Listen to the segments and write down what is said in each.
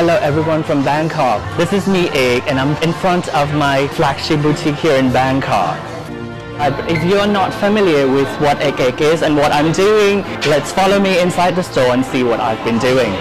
Hello everyone from Bangkok. This is me Egg and I'm in front of my flagship boutique here in Bangkok. Uh, if you're not familiar with what Egg Egg is and what I'm doing, let's follow me inside the store and see what I've been doing.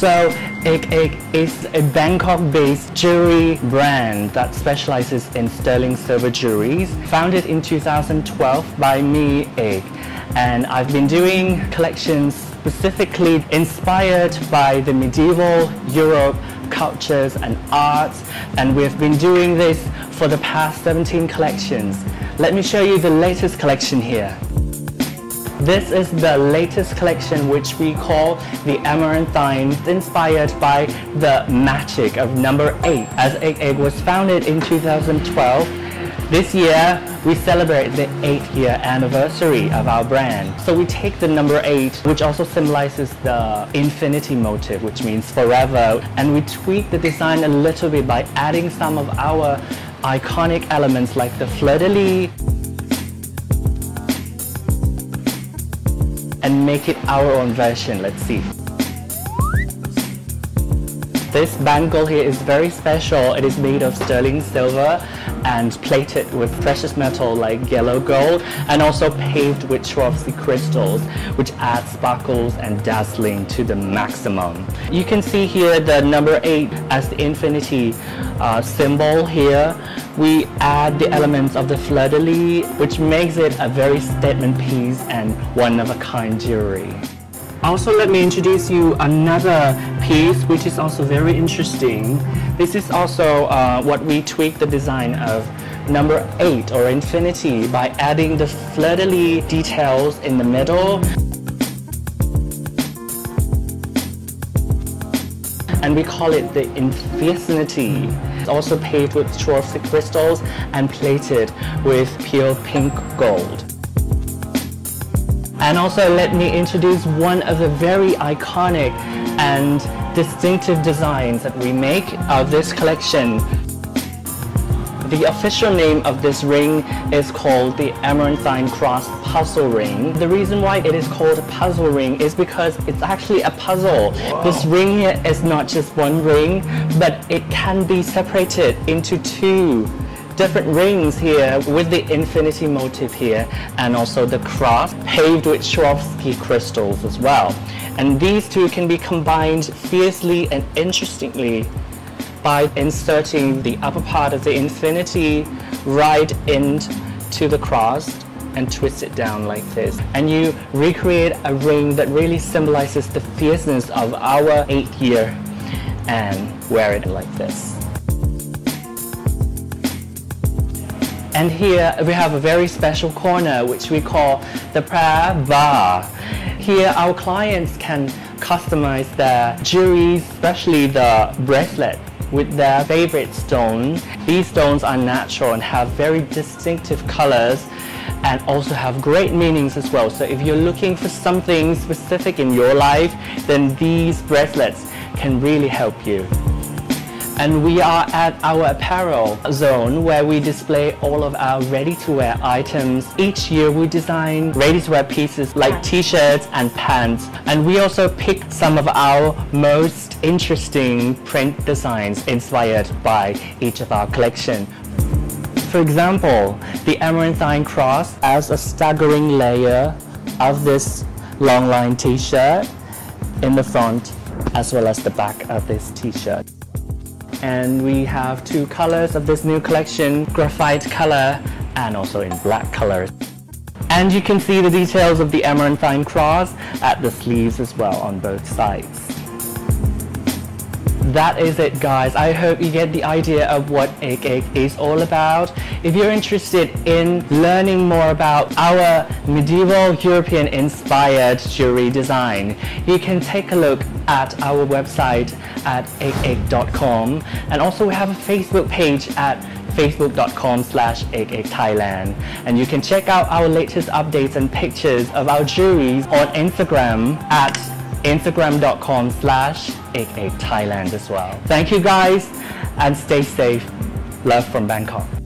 So Egg Egg is a Bangkok-based jewelry brand that specializes in sterling silver jewelries, founded in 2012 by me, Egg. And I've been doing collections specifically inspired by the medieval Europe cultures and arts and we've been doing this for the past 17 collections. Let me show you the latest collection here. This is the latest collection which we call the Amaranthine, inspired by the magic of number 8 as 8 was founded in 2012. This year, we celebrate the 8th year anniversary of our brand. So we take the number 8, which also symbolizes the infinity motif, which means forever, and we tweak the design a little bit by adding some of our iconic elements like the fleur-de-lis, and make it our own version. Let's see. This bangle here is very special. It is made of sterling silver and plated with precious metal like yellow gold and also paved with Swarovski crystals which add sparkles and dazzling to the maximum. You can see here the number 8 as the infinity uh, symbol here we add the elements of the fleur de lis, which makes it a very statement piece and one of a kind jewelry. Also, let me introduce you another piece, which is also very interesting. This is also uh, what we tweak the design of number 8 or infinity by adding the fleur de lis details in the middle. And we call it the infinity. It's also paved with Swarovski crystals and plated with pure pink gold. And also let me introduce one of the very iconic and distinctive designs that we make of this collection. The official name of this ring is called the Amaranthine Cross Puzzle Ring. The reason why it is called a puzzle ring is because it's actually a puzzle. Wow. This ring here is not just one ring, but it can be separated into two different rings here with the infinity motif here and also the cross paved with Swarovski crystals as well. And these two can be combined fiercely and interestingly by inserting the upper part of the infinity right into the cross and twist it down like this. And you recreate a ring that really symbolizes the fierceness of our eighth year and wear it like this. And here we have a very special corner which we call the prayer bar. Here our clients can customize their jewelry, especially the bracelet with their favorite stone, These stones are natural and have very distinctive colors and also have great meanings as well. So if you're looking for something specific in your life, then these bracelets can really help you. And we are at our apparel zone where we display all of our ready-to-wear items. Each year we design ready-to-wear pieces like t-shirts and pants. And we also picked some of our most interesting print designs inspired by each of our collection. For example, the Amaranthine Cross as a staggering layer of this long line t-shirt in the front as well as the back of this t-shirt and we have two colors of this new collection, graphite color and also in black color. And you can see the details of the Emeraldine cross at the sleeves as well on both sides that is it guys. I hope you get the idea of what Egg Egg is all about. If you're interested in learning more about our medieval European inspired jewelry design, you can take a look at our website at eggegg.com and also we have a Facebook page at facebook.com slash Thailand. And you can check out our latest updates and pictures of our jewelries on Instagram at Instagram.com slash 88 Thailand as well. Thank you guys and stay safe. Love from Bangkok.